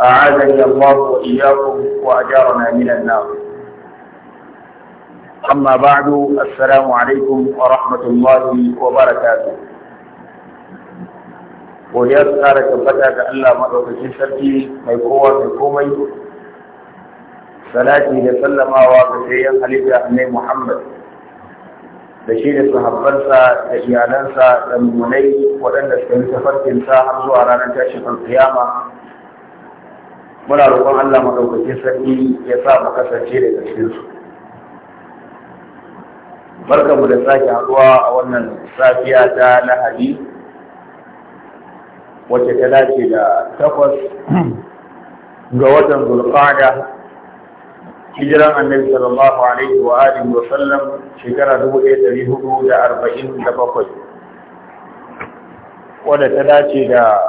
أعاذني الله وإياكم وأجارنا من النار أما بعد السلام عليكم ورحمة الله وبركاته godiya su kara tabbata ga Allah maɗaukakin sarki mai kowa mai komai salati da sallamawa ga sayan halitta annai Muhammad da shi da sahabbansa da iyalansa da mummunai waɗanda suka yi tafarkinsa har zuwa ranar tashin alkiyama muna roƙon Allah madaukakin sarki ya sa mu kasance da gaskiyar su mu da sake haɗuwa a wannan safiya ta Lahadi wacce ta dace da takwas ga watan Zulqa'ada hijiran annabi sallallahu alaihi wa alihi wa sallam shekara bakwai wadda ta dace da da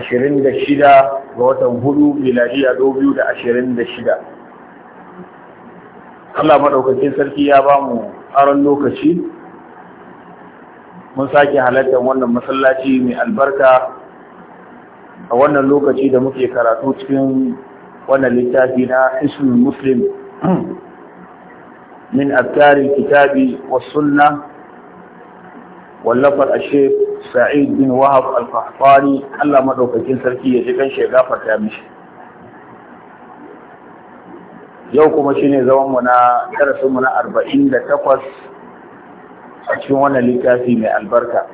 ashirin shida. ga watan hudu miladiya dubu biyu da ashirin da shida Allah maɗaukacin sarki ya ba mu aron lokaci mun sake halartar wannan masallaci mai albarka a wannan lokaci da muke karatu cikin wannan littafi na ismin muslim min azkarin kitabi wa sunna wallafar ashe Sa'id bin Wahab al-Qahtani Allah maɗaukakin sarki ya ji kanshi ya gafarta mishi yau kuma shine zaman mu na darasin mu na takwas a cikin wannan littafi mai albarka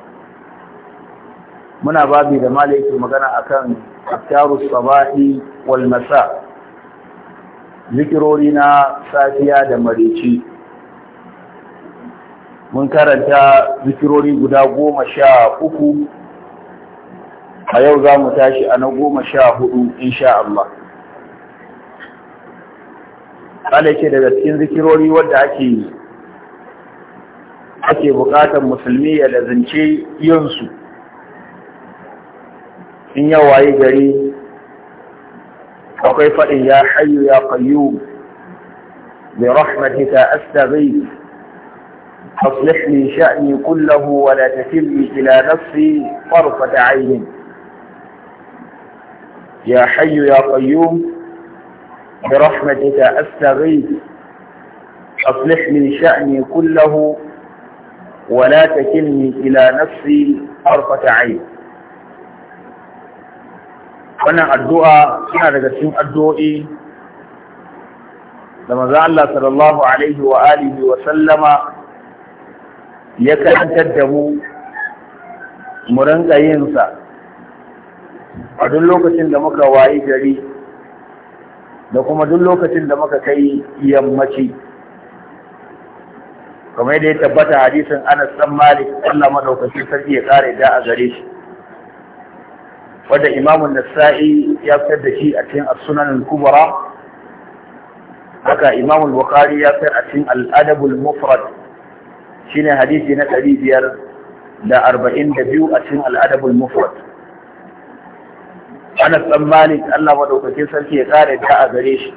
muna babi da malaikin magana akan aftaru sabahi wal masa zikirori na safiya da marici mun karanta zikirori guda goma sha uku a yau za mu tashi a na goma sha hudu insha Allah. ce daga cikin zikirori wadda ake ake bukatar musulmi ya lazance yinsu in yawaye gari akwai faɗin ya hayu ya qayyum bi rahmatika astaghith أصلح لي شأني كله ولا تكلني إلى نفسي طرفة عين يا حي يا قيوم برحمتك أستغيث أصلح لي شأني كله ولا تكلني إلى نفسي طرفة عين وانا الدعاء هذا daga cikin لما da الله صلى الله عليه وآله وسلم ya karantar da mu mu rinka yin a duk lokacin da muka wayi gari da kuma duk lokacin da muka kai yammaci kamar yadda ya tabbata hadisin Anas dan Malik Allah madaukakin sarki ya kare da a gare shi Wadda Imam Nasa'i ya fitar da shi a cikin sunan haka Imam Bukhari ya fitar a cikin al'adabul mufrad شنا حديثنا حديث ير لا أربعين دبيو أسم الأدب المفرد أنا بن الله ولو كسر في غار جاء غريش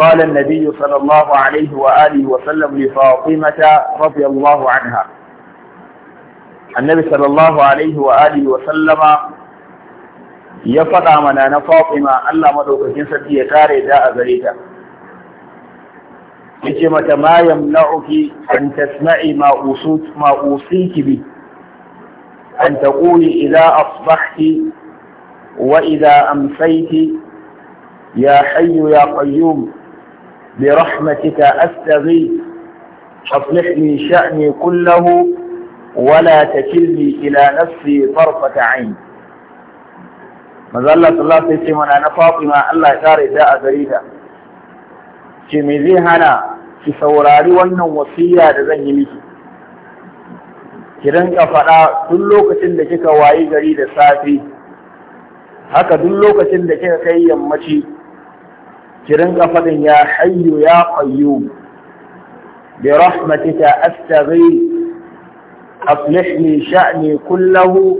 قال النبي صلى الله عليه وآله وسلم لفاطمة رضي الله عنها النبي صلى الله عليه وآله وسلم يفقى منا فاطمة الله ولو كسر في غار جاء غريش yace mata ma yamna'uki an tasma'i ma usut ma usiki bi an taquli idza asbahti wa idza amsayti ya hayyu ya qayyum برحمتك أستغيث أصلح لي شأني كله ولا تكلني إلى نفسي طرفة عين مازال الله صلى الله عليه وسلم أنا فاطمة الله يدار إداء فريدة ce zai hana ki saurari wannan wasiya da zan yi miki ki rinka faɗa duk lokacin da kika wayi gari da safe haka duk lokacin da kika kai yammaci ki rinka faɗin ya hayyu ya qayyum bi rahmatika astaghith أصلح لي شأني كله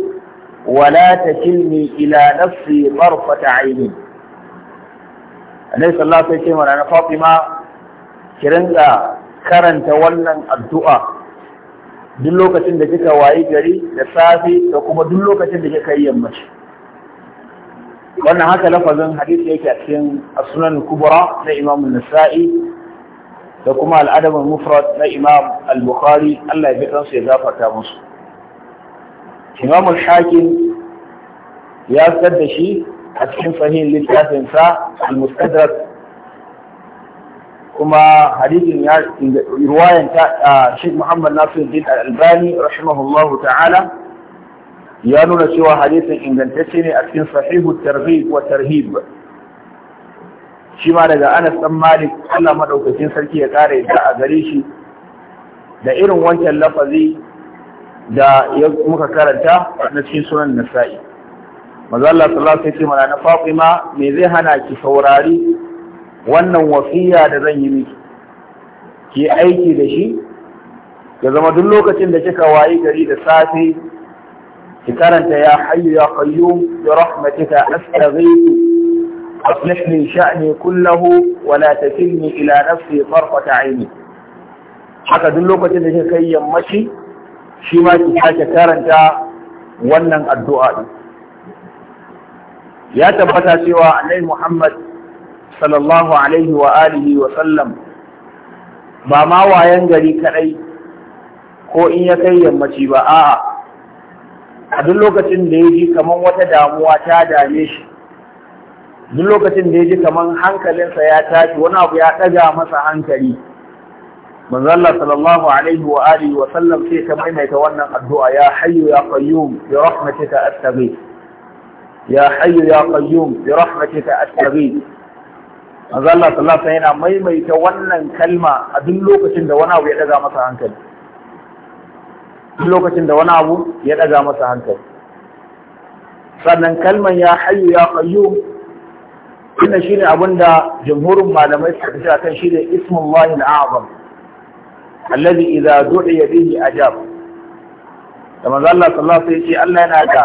ولا تكلني إلى نفسي طرفة aini. annabi sai ce wasallam na Fatima ki rinka karanta wannan addu'a duk lokacin da kika wayi gari da safe da kuma duk lokacin da kika yi yammaci wannan haka lafazin hadisi yake a cikin a sunan kubra na Imam an-Nasa'i da kuma al mufrad na Imam al-Bukhari Allah ya bi kansu ya zafarta musu Imam al-Hakim ya sadda shi a cikin sahihin littafin sa al-mustadrak kuma hadisin ya a ta Sheikh Muhammad Nasiruddin Al-Albani rahimahullahu ta'ala ya nuna cewa hadisin ingantacce ne a cikin sahihu targhib wa tarhib shi ma daga Anas dan Malik Allah madaukakin sarki ya kare ta a gare shi da irin wancan lafazi da muka karanta na cikin sunan Nasa'i Mazalla Allah sallallahu alaihi wasallam na Fatima me zai hana ki saurari wannan wasiya da zan yi miki ki aiki da shi ya zama duk lokacin da kika wayi gari da safe ki karanta ya hayyu ya qayyum bi rahmatika astaghiithu aslih li sha'ni kullahu wa la takilni ila nafsi tarfata 'aini haka duk lokacin da kika kai yammaci shi ma ki sake karanta wannan addu'a din ya tabbata cewa annabi Muhammad sallallahu alaihi wa alihi wa sallam ba ma wayan gari kadai ko in ya kai yammaci ba a'a a duk lokacin da ya ji kaman wata damuwa ta dame shi duk lokacin da ya ji kaman hankalinsa ya tashi wani abu ya ɗaga masa hankali manzo Allah sallallahu alaihi wa alihi wa sallam sai ta maimaita wannan addu'a ya hayyu ya qayyum bi rahmatika astaghfir ya hayyu ya qayyum bi rahmatika astaghiith manzo Allah sallallahu alaihi yana maimaita wannan kalma a duk lokacin da wani abu ya daga masa hankali duk lokacin da wani abu ya daga masa hankali sannan kalman ya hayyu ya qayyum Ina shine abin da jumhurin malamai suka tafi akan shine ismullahi al-azam alladhi idza du'iya bihi ajab da manzo Allah sallallahu alaihi wasallam Allah yana da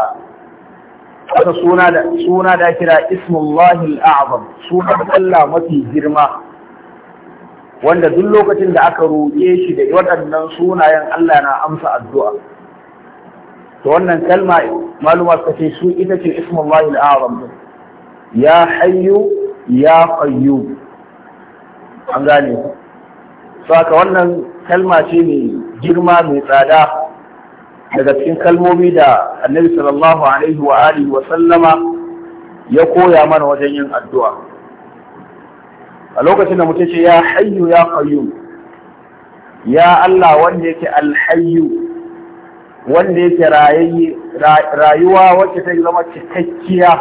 wata suna da suna da kira ismullahi al'azam sunan Allah mafi girma wanda duk lokacin da aka roƙe shi da waɗannan sunayen Allah na amsa addu'a to wannan kalma maluma suka ce su ita ce ismullahi al'azam ya hayyu ya qayyum an gane saka wannan kalma ce mai girma mai tsada daga cikin kalmomi da annabi sallallahu alaihi wa alihi wa sallama ya koya mana wajen yin addu'a a lokacin da mutum ce ya hayyu ya qayyum ya Allah wanda yake alhayyu wanda yake rayuwa wacce ta zama cikakkiya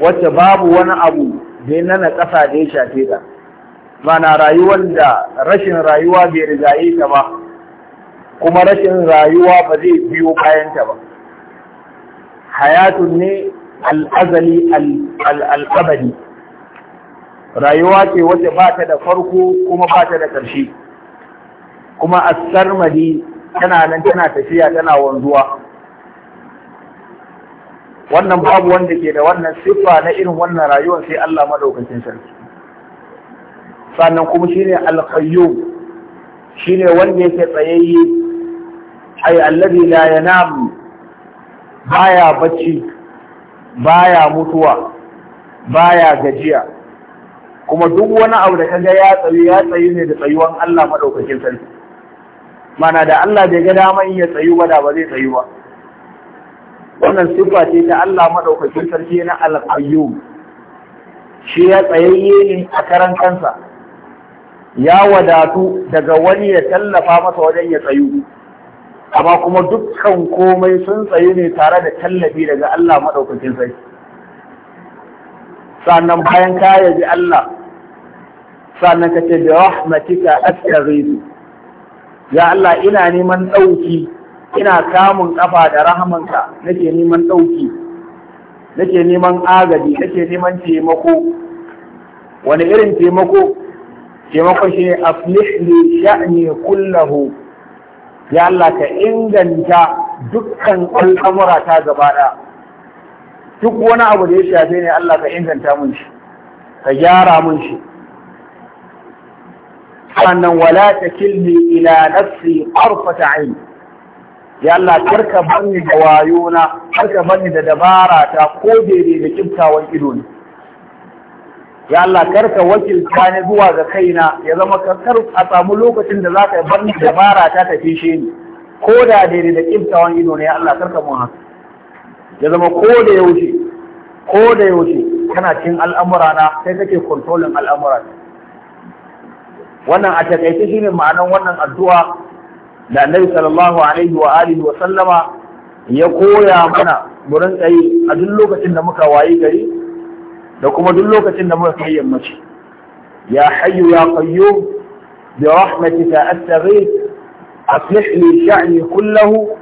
wacce babu wani abu da ya nana ƙasa da ya shafe ta mana rayuwar da rashin rayuwa bai rigaye ta ba kuma rashin rayuwa ba zai biyo bayanta ba hayatun ne al'azali al'abadi rayuwa ce wacce ba ta da farko kuma ba ta da ƙarshe kuma a sarmadi tana nan tana tafiya tana wanzuwa wannan babu wanda ke da wannan siffa na irin wannan rayuwar sai Allah madaukakin sarki sannan kuma shine al-qayyum shine wanda yake tsayayye ai allazi la yanam baya bacci baya mutuwa baya gajiya kuma duk wani abu da kaga ya tsayu ya tsayu ne da tsayuwan Allah madaukakin sarki mana da Allah bai ga daman ya tsayu ba da ba zai tsayu ba wannan sifa ce ta Allah madaukakin sarki na al-qayyum shi ya tsayayye ne a karan kansa ya wadatu daga wani ya tallafa masa wajen ya tsayu amma kuma dukkan komai sun tsayu ne tare da tallafi daga Allah maɗaukakin sai sannan bayan ka yabi Allah sannan ka ce bi rahmatika astaghiithu ya Allah ina neman ɗauki ina kamun ƙafa da rahamanka nake neman ɗauki nake neman agaji nake neman taimako wani irin taimako taimakon shi ne aflih li sha'ni kullahu ya Allah ka inganta dukkan al'amura ta gaba duk wani abu da ya shafe ne Allah ka inganta mun shi ka gyara mun shi sannan wala ta takilni ila nafsi qarfata ayn ya Allah karka banni da wayona karka banni da dabara ta ko da kiftawan ido ne ya Allah karka wakilta ni zuwa ga kaina ya zama karkar a samu lokacin da za zaka bar ni dabara ta tafi shi ni ko da daidai da kiftawan ido ne ya Allah karka mun haka ya zama ko da yaushe ko da yaushe kana cin al'amura na sai kake controlling al'amura wannan a takaice shine ma'anar wannan addu'a da Annabi sallallahu alaihi wa alihi wa sallama ya koya mana mu rinka a duk lokacin da muka wayi gari da kuma duk lokacin da muka kai yammaci ya hayyu ya qayyum bi rahmatika astaghith aslih li sha'ni kullahu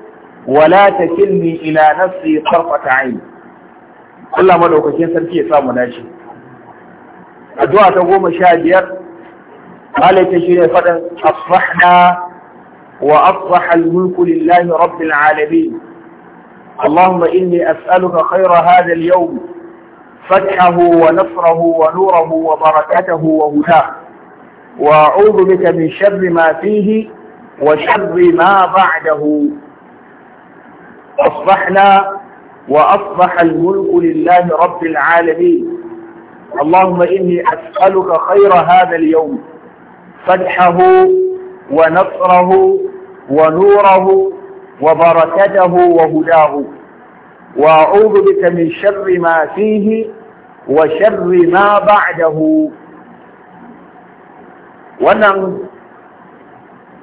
wa la takilni ila nafsi tarfata ayn Allah madaukakin sarki ya samu naci addu'a ta 15 malaka shine fadan asrahna wa asrah al-mulku lillahi rabbil alamin اللهم إني أسألك خير هذا اليوم فتحه ونصره ونوره وبركته وهداه وأعوذ بك من شر ما فيه وشر ما بعده أصبحنا وأصبح الملك لله رب العالمين اللهم إني أسألك خير هذا اليوم فتحه ونصره ونوره وبركته وهداه وأعوذ بك من شر ما فيه وشر ما بعده wannan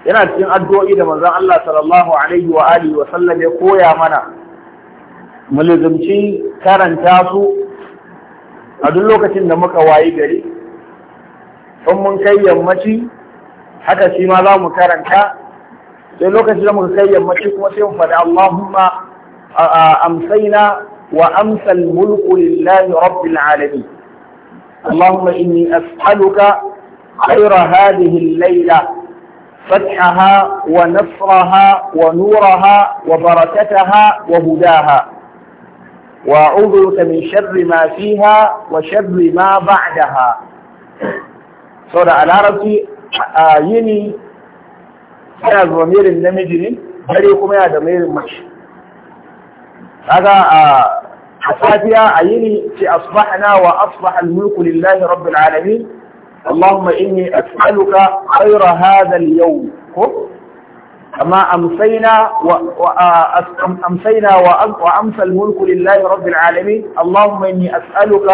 yana cikin addu'o'i da manzon Allah sallallahu alaihi wa alihi wa sallam ya koya mana mulzumci karanta su a duk lokacin da muka wayi gari in mun kai yammaci haka shi ma za mu karanta sai lokacin da muka kai yammaci kuma sai mu faɗi Allahumma أمسينا وأمسى الملك لله رب العالمين اللهم إني أسألك خير هذه الليلة فتحها ونصرها ونورها وبركتها وهداها وأعوذ بك من شر ما فيها وشر ما بعدها سورة العربي آيني آه، كان ضمير النمجري بريكم يا ضمير المشي هذا a safiya a yini ce asbahna wa asbaha اللهم إني أسألك خير هذا اليوم أما أمسينا وأمسينا آه، وأمسى الملك لله رب العالمين اللهم إني أسألك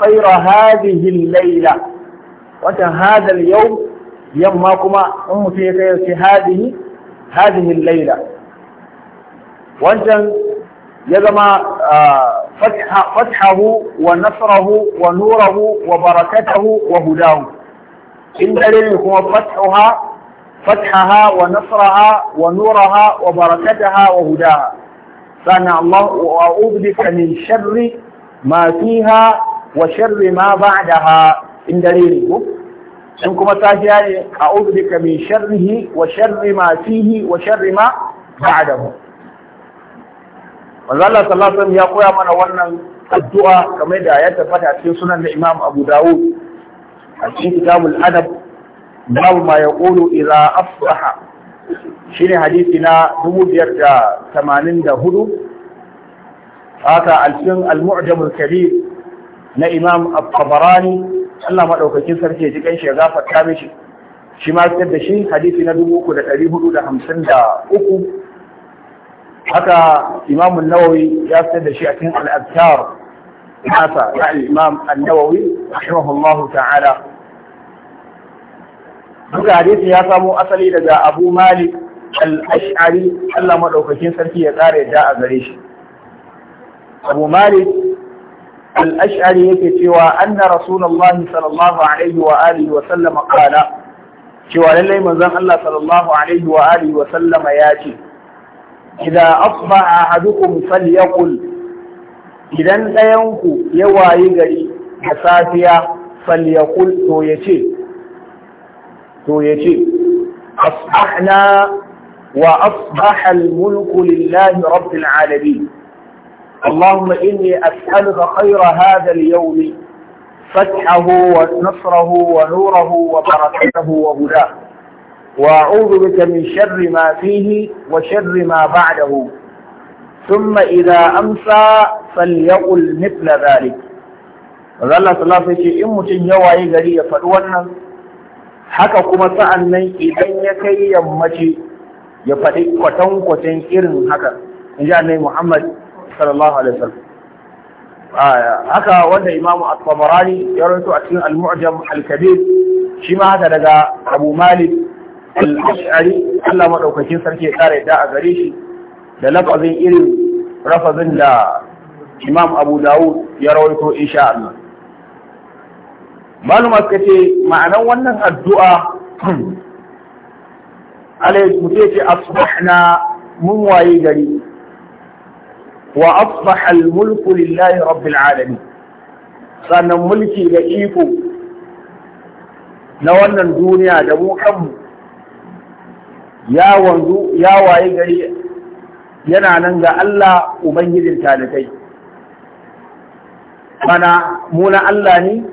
خير هذه الليلة وأنت هذا اليوم يماكما أم في هذه هذه الليلة وأنت يدما آه، فتح فتحه ونصره ونوره وبركته وهداه إن دليل هو فتحها فتحها ونصرها ونورها وبركتها وهداها فأنا الله أعوذ من شر ما فيها وشر ما بعدها إن دليل إنكم تاهيان أعوذ بك من شره وشر ما فيه وشر ما بعده manzo Allah sallallahu ya koya mana wannan addu'a kamar da ya tabbata cikin sunan da Imam Abu Dawud a cikin kitabul adab babu ma yaqulu idza asbaha shine hadisi na dubu biyar da da tamanin hudu, haka alfin al-mu'jam al-kabir na Imam at Allah madaukakin sarki ya ji kanshi ya gafarta mishi shi ma fitar da shi hadisi na dubu uku da da da hudu hamsin uku. haka imam an-nawawi ya fitar da shi a cikin al-azkar nasa na imam an-nawawi rahimahullahu ta'ala duka hadisi ya samo asali daga abu malik al-ash'ari Allah maɗaukakin sarki ya tsara yadda a gare shi abu malik al-ash'ari yake cewa anna rasulullahi sallallahu alaihi wa alihi wa sallama qala cewa lallai manzon Allah sallallahu alaihi wa alihi wa sallama ya ce إذا أصبح أحدكم فليقل إذا أينك يواي غري أسافيا فليقل تو تويتي تو أصبحنا وأصبح الملك لله رب العالمين اللهم إني أسألك خير هذا اليوم فتحه ونصره ونوره وبركته وهداه وأعوذ بك من شر ما فيه وشر ما بعده ثم إذا أمسى فليقل مثل ذلك Allah sallallahu alaihi in mutum ya waye gari ya faɗi wannan haka kuma sa'an nan idan ya kai yammaci ya faɗi kwatankwatan irin haka in ji annabi Muhammad sallallahu alaihi wasallam haka wanda imamu at-Tabarani ya rawaito a cikin al-Mu'jam al-Kabir shi ma haka daga Abu Malik al-ash'ari Allah madaukakin sarki ya ƙara da a gare shi da lafazin irin rafazin da Imam Abu Dawud ya rawaito insha Allah maluma suka ce ma'anan wannan addu'a alai mutum ce asbahna mun waye gari wa asbaha al-mulku lillahi rabbil alamin sannan mulki da iko na wannan duniya da mu kanmu ya wanzu ya waye gari yana nan ga Allah ubangijin talibai mana muna Allah ne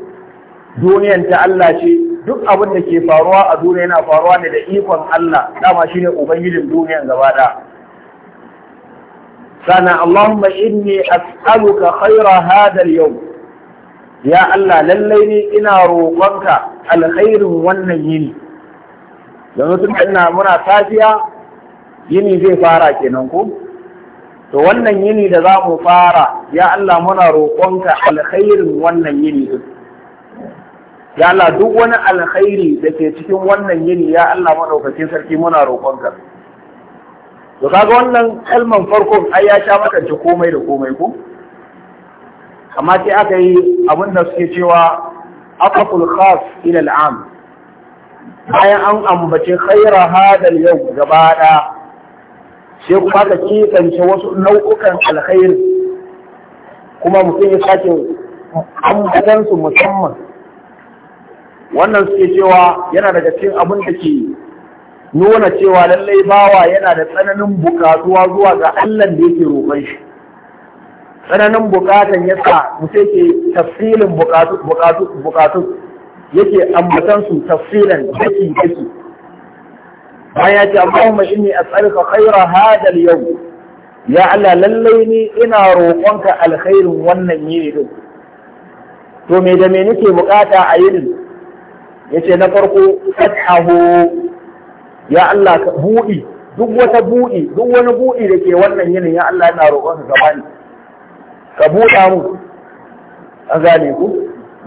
duniyan ta Allah ce duk abin da ke faruwa a duniya yana faruwa ne da ikon Allah dama shine ubangijin duniyan gaba da sana Allahumma inni as'aluka khaira hadal yau. ya Allah lallai ne ina roƙonka alkhairin wannan yini yanzu tun ina muna safiya yini zai fara kenan ko to wannan yini da za mu fara ya Allah muna roƙonka alkhairin wannan yini din ya Allah duk wani alkhairi da ke cikin wannan yini ya Allah madaukakin sarki muna roƙonka to kaga wannan kalman farko ai ya sha maka komai da komai ko amma sai aka yi abin da suke cewa aqful khas ila al'am bayan an ambaci khaira hadal yau gaba ɗaya sai kuma ka kekance wasu nau'ukan alkhairi kuma mutum ya sake ambatansu musamman wannan suke cewa yana daga cikin abin da ke nuna cewa lallai bawa yana da tsananin bukatuwa zuwa ga Allah da yake roƙon shi tsananin bukatan yasa sa mutum ke tafsilin bukatu yake ambatan su tafsilan daki daki bayan ya ce Allahumma inni as'aluka khayra hada al-yawm ya Allah lallai ni ina roƙonka alkhairin wannan yini din to me da me nake bukata a yinin yace na farko fathahu ya Allah ka buɗi duk wata buɗi duk wani buɗi da ke wannan yinin ya Allah ina roƙonka gabani ka buɗa mu an gane ku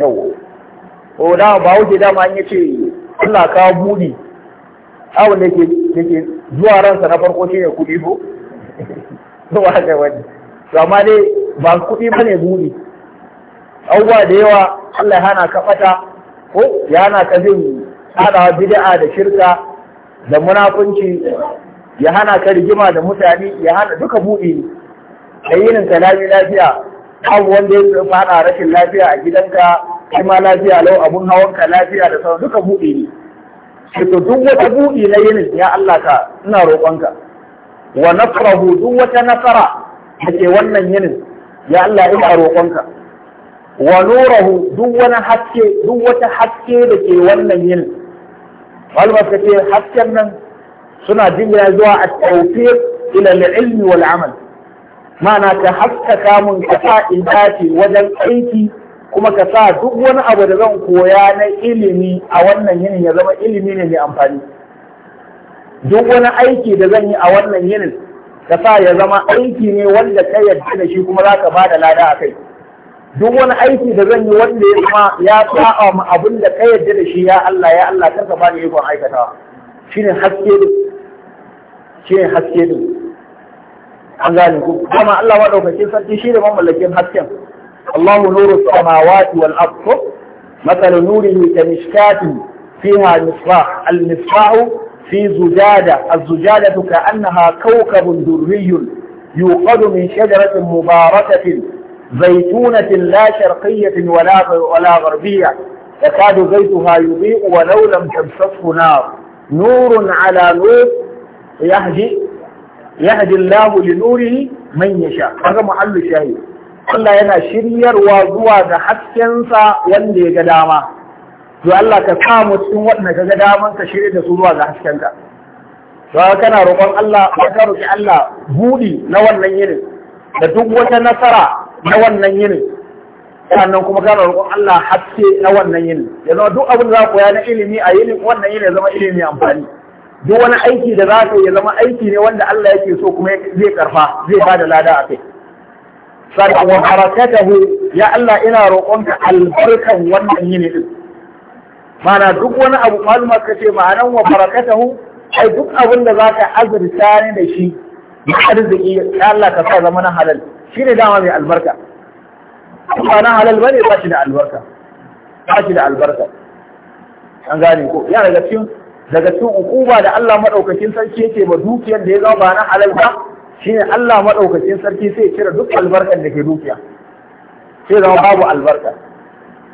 yawwa ko da ba wuce dama an yace Allah ka budi abu da ke zuwa ransa na farko ne kuɗi ko zuwa haka wani to amma dai ba kuɗi ba ne budi abubuwa da yawa Allah hana ka fata ko ya hana ka zin tsadawa bid'a da shirka da munafunci ya hana ka rigima da mutane ya hana duka buɗi ne da ka lafiya abu wanda ya fada rashin lafiya a gidanka kai ma lafiya lau abun hawan ka lafiya da sauran duka buɗe ne sai to duk wata buɗe na yinin ya Allah ka ina roƙonka wa nasrahu duk wata nasara da ke wannan yinin ya Allah ina roƙonka wa nurahu duk wani haske duk wata haske da ke wannan yinin walma ka ce hasken nan suna jinya zuwa a tawfiq ila al-ilmi wal amal ma'ana ka haskaka mun ka sa in wajen aiki kuma ka sa duk wani abu da zan koya na ilimi a wannan yinin ya zama ilimi ne mai amfani duk wani aiki da zan yi a wannan yinin ka sa ya zama aiki ne wanda ka yarda da shi kuma za ka ba da lada a kai duk wani aiki da zan yi wanda ya zama ya sa'a ma abin da ka yarda da shi ya Allah ya Allah kar ka ba ni ikon aikatawa shine haske ne shine haske ne an gane ku kuma Allah madaukakin sarki shi da mamallakin hasken الله نور السماوات والأرض مثل نوره كمشكاة فيها مصباح المصباح في زجاجة الزجاجة كأنها كوكب دري يوقد من شجرة مباركة زيتونة لا شرقية ولا ولا غربية يكاد زيتها يضيء ولو لم تمسسه نار نور على نور يهدي يهدي الله لنوره من يشاء هذا محل الشاهد Allah yana shiryarwa zuwa ga haskensa wanda ya ga dama to Allah ka sa mutum waɗanda ka ga daman ka shirya da su zuwa ga haskenka to kana roƙon Allah ka roƙi Allah buɗi na wannan yinin da duk wata nasara na wannan yinin sannan kuma kana roƙon Allah haske na wannan yinin ya zama duk abin da za ku ya na ilimi a yinin wannan yinin ya zama ilimi amfani duk wani aiki da za ka ya zama aiki ne wanda Allah yake so kuma zai karfa zai ba da lada a kai sannan wa barakatahu ya Allah ina roƙonka albarkan wannan yini din mana duk wani abu maluma ka ce ma'anan wa barakatahu ai duk abin da zaka azurta ne da shi da arziki ya Allah ka sa zama na halal shi ne dama mai albarka ba na halal bane ba shi da albarka ba shi da albarka an gane ko ya daga cikin daga cikin ukuba da Allah madaukakin sarki yake ba dukiyar da ya zama ba na halal ba Shi ne Allah maɗaukacin sarki sai cire duk albarkar da ke dukiya sai zama babu albarka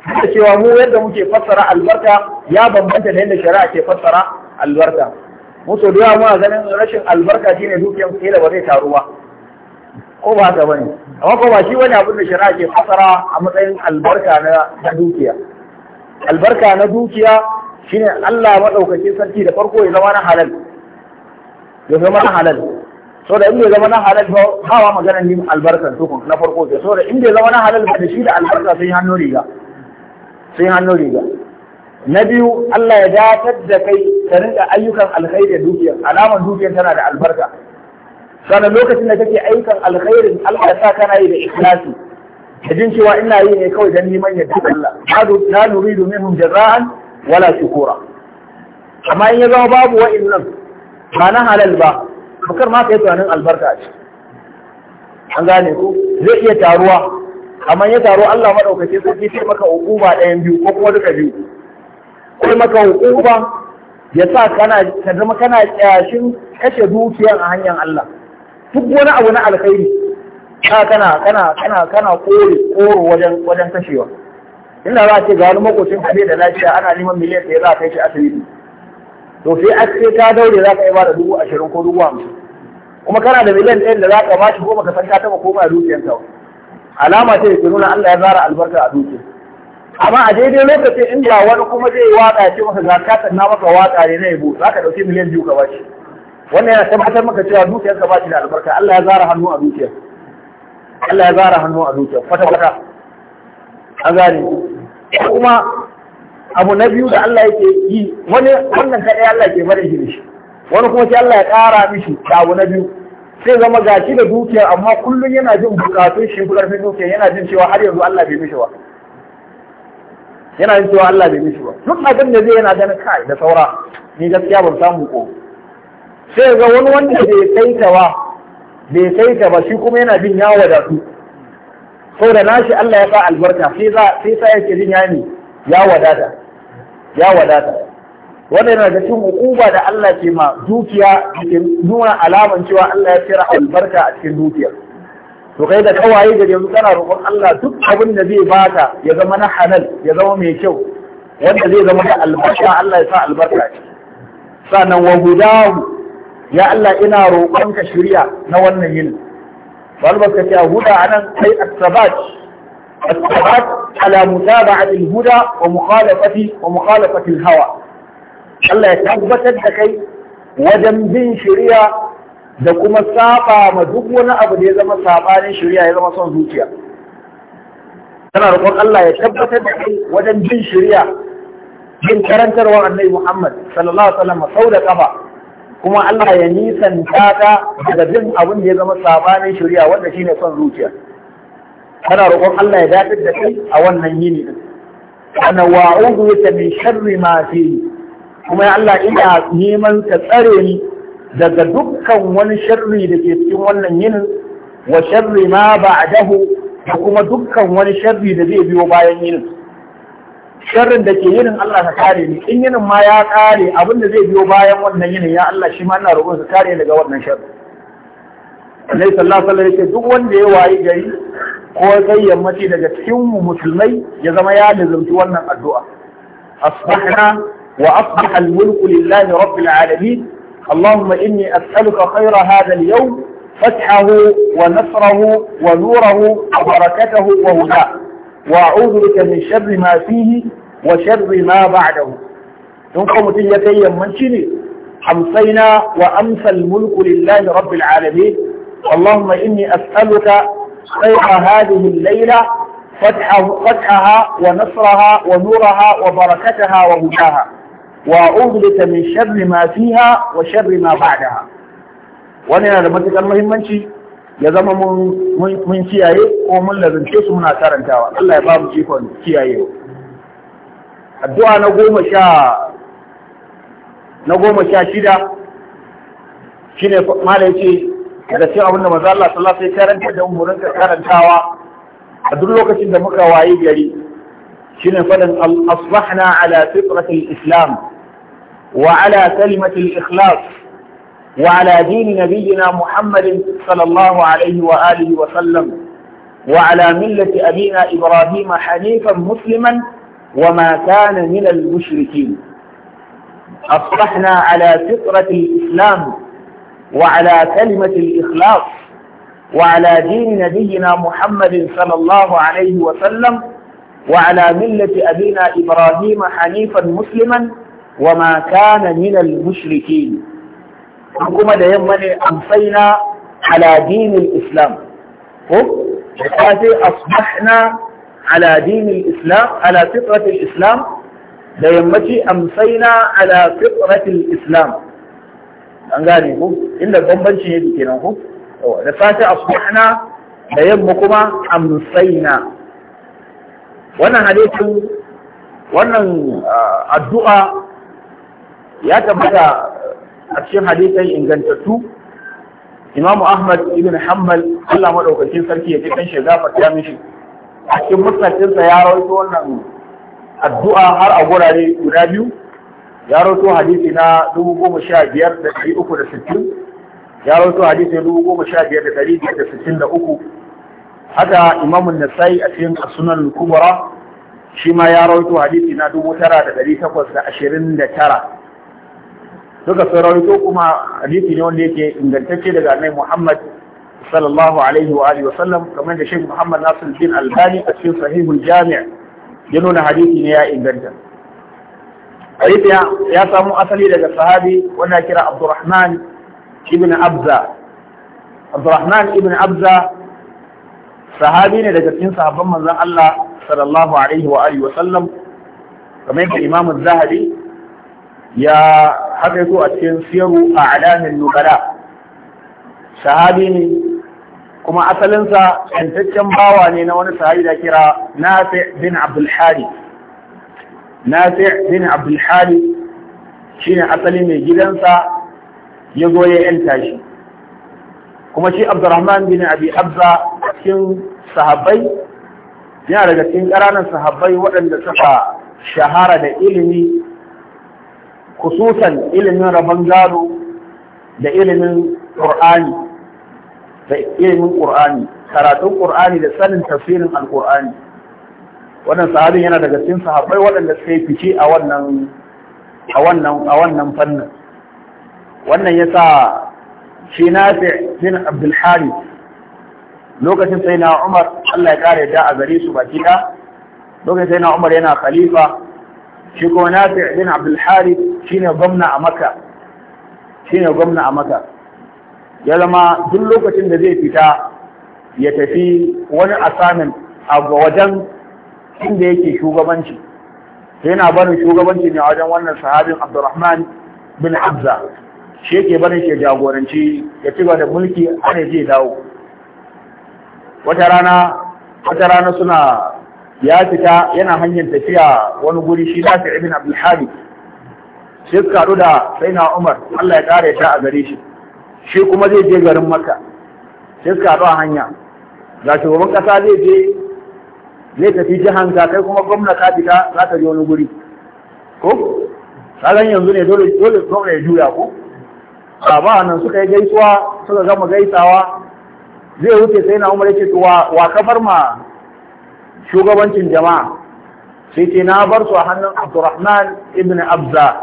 da cewa mu yadda muke fassara albarka ya bambanta da yadda shari'a ke fassara albarka mu so da yawa muna ganin rashin albarka shine dukiyar kila ba zai taru ba ko ba haka bane amma ko ba shi wani abu da shari'a ke fassara a matsayin albarka na dukiya albarka na dukiya shine Allah madaukakin sarki da farko ya zama na halal ya zama na halal so da inda bai zama na halal ba hawa magana ne albarkar tukun na farko ke so da inda bai zama na halal ba da shi da albarka sun hannu riga sun hannu riga na biyu Allah ya datar da kai ka rinka ayyukan alkhairi da dukiyar Alaman dukiyar tana da albarka sannan lokacin da kake ayyukan alkhairin Allah ya sa kana yi da ikhlasi da jin cewa ina yi ne kawai dan neman yadda Allah la nuridu minhum jaza'an wala shukura amma in ya zama babu wa'annan ba na halal ba kar ma kai tunanin albarka ce an gane ku zai iya taruwa amma ya taru Allah madaukake sarki sai maka hukuma ɗayan biyu ko kuma duka biyu ko maka hukuma ya sa kana ka zama kana kyashin kashe dukiyar a hanyar Allah duk wani abu na alkhairi ka kana kana kana kana kore koro wajen wajen kashewa ina za a ce ga wani makocin kabe da lafiya ana neman miliyan ɗaya za a kai shi asibiti to sai a sai ka daure za ka yi ba da dubu ashirin ko dubu hamsin kuma kana da miliyan ɗaya da za ka bashi, shi ko baka san ka taɓa koma a dukiyan ba alama ce da nuna Allah ya zara albarka a dukiya amma a daidai lokacin inda wani kuma zai waka ce masa za ka na maka waka ne na yabo za ka ɗauki miliyan biyu ka bashi. shi wannan yana tabbatar maka cewa dukiyarka ba bashi da albarka Allah ya zara hannu a dukiyar Allah ya zara hannu a dukiyar kwata kwata an gane kuma abu na biyu da Allah yake yi wani wannan kaɗai Allah ke bari shi shi wani kuma sai Allah ya ƙara mishi da abu na biyu sai zama gashi da dukiya amma kullum yana jin bukatun shi karfin dukiya yana jin cewa har yanzu Allah bai mishi ba yana jin cewa Allah bai mishi ba duk abin da zai yana ganin kai da saura ni gaskiya ban samu ko sai ga wani wanda bai saita ba bai saita ba shi kuma yana jin ya wadatu saboda nashi Allah ya sa albarka sai za sai sa yake jin ya ne ya wadata ya wadata wannan yana da cikin hukuma da Allah ke ma dukiya ke nuna alaman cewa Allah ya tsira albarka a cikin dukiya to kai da kawaye da yanzu kana roƙon Allah duk abin da zai baka ya zama na halal ya zama mai kyau wanda zai zama da albarka Allah ya sa albarka ce sannan wa hudahu ya Allah ina roƙon ka shirya na wannan yin balbaka ce huda anan kai sabat. الثبات على متابعة الهدى ومخالفة ومخالفة الهوى الله يتبت الدكي وجنبين شريعة da kuma saba ma duk wani abu da ya zama sabanin shari'a ya zama son zuciya tana roƙon Allah ya tabbatar da kai wajen bin shari'a bin karantarwar Annabi Muhammad alaihi sau da kafa kuma Allah ya nisan ta daga bin abin da ya zama sabanin shari'a wanda shine son zuciya kana roƙon Allah ya dace da kai a wannan yini din ana wa'udu ta min sharri ma fi kuma ya Allah ina neman ka tsare ni daga dukkan wani sharri da ke cikin wannan yinin wa sharri ma ba'dahu da kuma dukkan wani sharri da zai biyo bayan yinin sharrin da ke yinin Allah ka kare ni in yinin ma ya kare abin da zai biyo bayan wannan yinin ya Allah shi ma ina roƙon ka kare daga wannan sharri Annabi sallallahu alaihi wasallam yake duk wanda ya wayi gari ko sai yammaci daga cikin mu musulmai ya zama ya lazumci wannan addu'a asbahna wa asbaha al-mulku lillahi rabbil alamin اللهم إني أسألك خير هذا اليوم فتحه ونصره ونوره وبركته وهداه وأعوذ بك من شر ما فيه وشر ما بعده don kawo mutum ya kai yammanci ne hamsaina wa amsal mulku lillahi rabbil alamin اللهم إني أسألك خير هذه الليلة فتحها ونصرها ونورها وبركتها وهداها وأعوذ بك من شر ما فيها وشر ما بعدها wani yana da matuƙar muhimmanci ya zama mun kiyaye ko mun lazance su muna karantawa Allah ya ba mu kiyaye addu'a na goma sha na goma sha shida shine mala yace da cewa abinda manzo Allah sallallahu alaihi wasallam karanta da umurin karantawa a duk lokacin da muka wayi gari shine fadan asbahna ala fitrat al-islam wa ala kalimat al-ikhlas wa ala din nabiyyina Muhammadin sallallahu alaihi wa alihi wa sallam wa ala millati abina Ibrahim hanifan musliman وما كان من المشركين أصبحنا على فطرة الإسلام وعلى كلمة الإخلاص وعلى دين نبينا محمد صلى الله عليه وسلم وعلى ملة أبينا إبراهيم حنيفا مسلما وما كان من المشركين حكومة دا يمني أمسينا على دين الإسلام هذه أصبحنا على دين الإسلام على فطرة الإسلام دا أمسينا على فطرة الإسلام an gane ku inda bambancin yake kenan ku da safe asbahna da yamma kuma amsayna wannan hadisin wannan addu'a ya tabbata a cikin hadisin ingantattu imamu ahmad ibn hammal allah maɗaukacin sarki ya ji kan shiga fata mishi a cikin mustatinsa ya rawaito wannan addu'a har a gurare guda biyu ya rawaito hadisi na 15360 ya rawaito hadisi na 15563 haka Imam nasai a cikin sunan Al-Kubra shi ma ya rawaito hadisi na 9829 duka sun rawaito kuma hadisi ne wanda yake ingantacce daga nai Muhammad sallallahu alaihi wa alihi wa sallam kamar da Sheikh Muhammad Nasir bin Albani a cikin Sahihul Jami' ya nuna hadisi ne ya inganta hadisi ya samu asali daga sahabi wanda kira Abdurrahman ibn Abza Abdurrahman ibn Abza sahabi ne daga cikin sahabban manzon Allah sallallahu alaihi wa alihi wa sallam kamar yadda Imam Zahabi ya haka a cikin siyaru a alamin nubala sahabi ne kuma asalinsa yantaccen bawa ne na wani sahabi da kira Nafi bin Abdul Nasir bin abdul shine asali mai gidansa ya zo ya tashi, kuma shi abdurrahman bin abi abza cikin sahabbai yana daga cikin ƙananan sahabbai waɗanda suka shahara da ilimi kususan ilimin rabon gado da ilimin ƙur'ani da ilimin ƙur'ani karatun ƙur'ani da sanin tafsirin Al-ƙur'ani. wannan sahabin yana daga cikin sahabbai waɗanda suka yi fice a wannan a wannan a wannan fannin wannan yasa shi Nafi bin Abdul Harith lokacin sai na Umar Allah ya kare da a gare su baki da lokacin sai na Umar yana khalifa shi kuma Nafi bin Abdul Harith shine gwamna a Makka shine gwamna a Makka ya zama duk lokacin da zai fita ya tafi wani asamin a wajen inda yake shugabanci sai yana barin shugabanci ne a wajen wannan sahabin Abdurrahman bin Hamza shi yake barin shi jagoranci ya ci da mulki ana zai dawo wata rana wata rana suna ya fita yana hanyar tafiya wani guri shi Nafi ibn Abdul Harith sai suka haɗu da sai na Umar Allah ya ya sha a gare shi shi kuma zai je garin Makka sai suka haɗu a hanya ga shugaban ƙasa zai je zai tafi jihan ka kai kuma gwamna ta za ta je wani guri ko kagan yanzu ne dole dole gwamna ya juya ko ba nan suka yi gaisuwa suka gama gaisawa zai wuce sai na umar yake wa wa kafar ma shugabancin jama'a sai ce na bar su a hannun Abdurrahman ibn Abza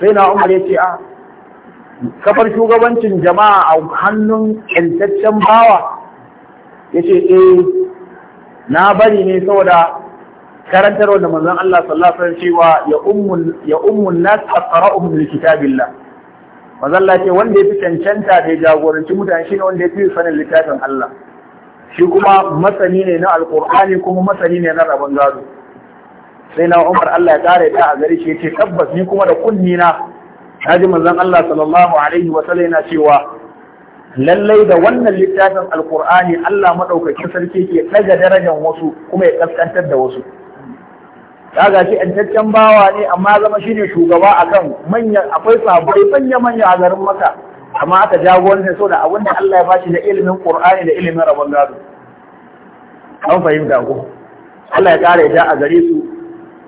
sai na umar yake a ah, kafar shugabancin jama'a a hannun kyantaccen bawa ya ce eh na bari ne saboda karantar da manzon Allah sallallahu alaihi wasallam cewa ya ummul ya ummul nas aqra'uhum li kitabillah manzon Allah ce wanda yafi cancanta da jagoranci mutane shine wanda yafi sanin littafin Allah shi kuma masani ne na alqur'ani kuma masani ne na rabon gado sai na Umar Allah ya kare ta a gare shi yace tabbas ni kuma da kunni na naji manzon Allah sallallahu alaihi wasallam yana cewa lallai da wannan littafin alkur'ani Allah maɗaukakin sarki ke ɗaga darajar wasu kuma ya ƙasƙantar da wasu kaga shi antaccen bawa ne amma zama shine shugaba akan manyan akwai sabai manya manya a garin maka amma aka jagoranci so da abin da Allah ya bashi da ilimin Qur'ani da ilimin rabon gado an fahimta ko Allah ya kare da a gare su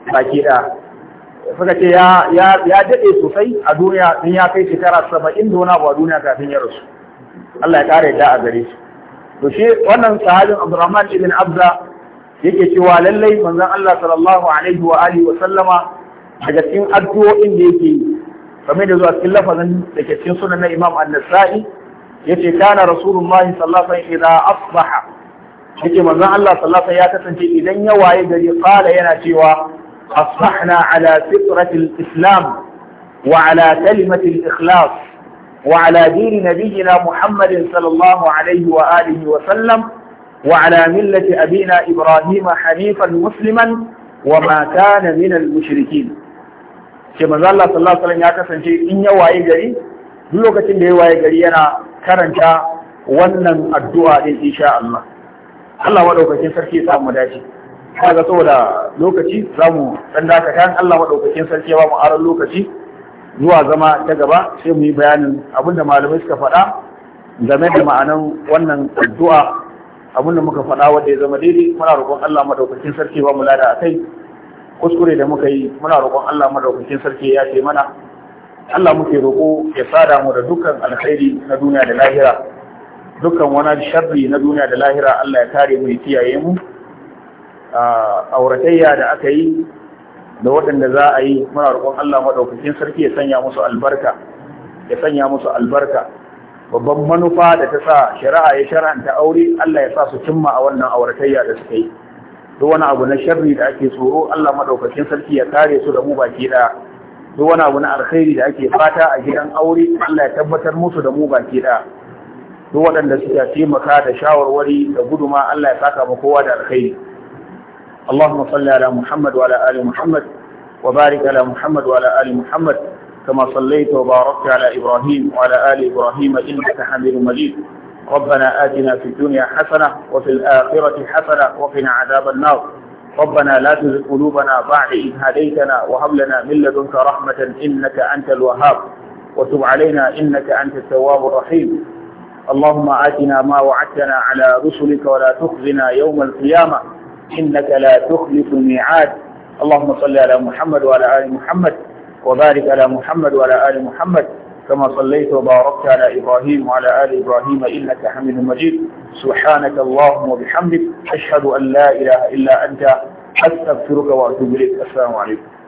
baki da suka ce ya daɗe sosai a duniya in ya kai shekara 70 dona ba duniya kafin ya rasu Allah ya ƙara yadda a gare shi to shi wannan sahabin Abdurrahman ibn Abza yake cewa lallai manzon Allah sallallahu alaihi wa alihi wa sallama daga cikin addu'o'in da yake kamar da zuwa cikin lafazin da ke cikin sunan na Imam An-Nasa'i yace kana Rasulullah sallallahu alaihi idza asbaha yake manzon Allah sallallahu alaihi ya kasance idan ya waye gari qala yana cewa asbahna ala fitratil islam wa ala kalimatil ikhlas وعلى دين نبينا محمد صلى الله عليه وآله وسلم وعلى ملة أبينا إبراهيم حنيفا مسلما وما كان من المشركين كما قال الله صلى الله عليه وسلم يكسن شيء إن يواي جري دلوك تنده يواي جري أنا كرنشا ونن الدعاء إن شاء الله الله ولوك تنسر كي سام داشي هذا طول لوكتي سامو سنداك كان الله ولوك تنسر كي وامو أرى لوكتي zuwa zama ta gaba sai mu yi bayanin abinda malamai suka faɗa game da ma'anan wannan addu'a abinda muka faɗa wanda ya zama daidai muna roƙon Allah madaukakin sarki ba mu lada a kai kuskure da muka yi muna roƙon Allah madaukakin sarki ya ce mana Allah muke roƙo ya sada mu da dukkan alkhairi na duniya da lahira dukkan wani sharri na duniya da lahira Allah ya kare mu ya kiyaye mu auratayya da aka yi da waɗanda za a yi muna roƙon Allah maɗaukakin sarki ya sanya musu albarka ya sanya musu albarka babban manufa da ta sa shari'a ya shari'anta aure Allah ya sa su cimma a wannan auratayya da suka yi duk wani abu na sharri da ake tsoro Allah maɗaukakin sarki ya kare su da mu baki ɗaya duk wani abu na alkhairi da ake fata a gidan aure Allah ya tabbatar musu da mu baki ɗaya duk waɗanda suka taimaka da shawarwari da guduma Allah ya saka mu kowa da alkhairi اللهم صل على محمد وعلى آل محمد وبارك على محمد وعلى آل محمد كما صليت وباركت على إبراهيم وعلى آل إبراهيم إنك حميد مجيد ربنا آتنا في الدنيا حسنة وفي الآخرة حسنة وقنا عذاب النار ربنا لا تزغ قلوبنا بعد إذ هديتنا وهب لنا من لدنك رحمة إنك أنت الوهاب وتب علينا إنك أنت التواب الرحيم اللهم آتنا ما وعدتنا على رسلك ولا تخزنا يوم القيامة إنك لا تخلف الميعاد اللهم صل على محمد وعلى آل محمد وبارك على محمد وعلى آل محمد كما صليت وباركت على إبراهيم وعلى آل إبراهيم إنك حميد مجيد سبحانك اللهم وبحمدك أشهد أن لا إله إلا أنت أستغفرك وأتوب إليك السلام عليكم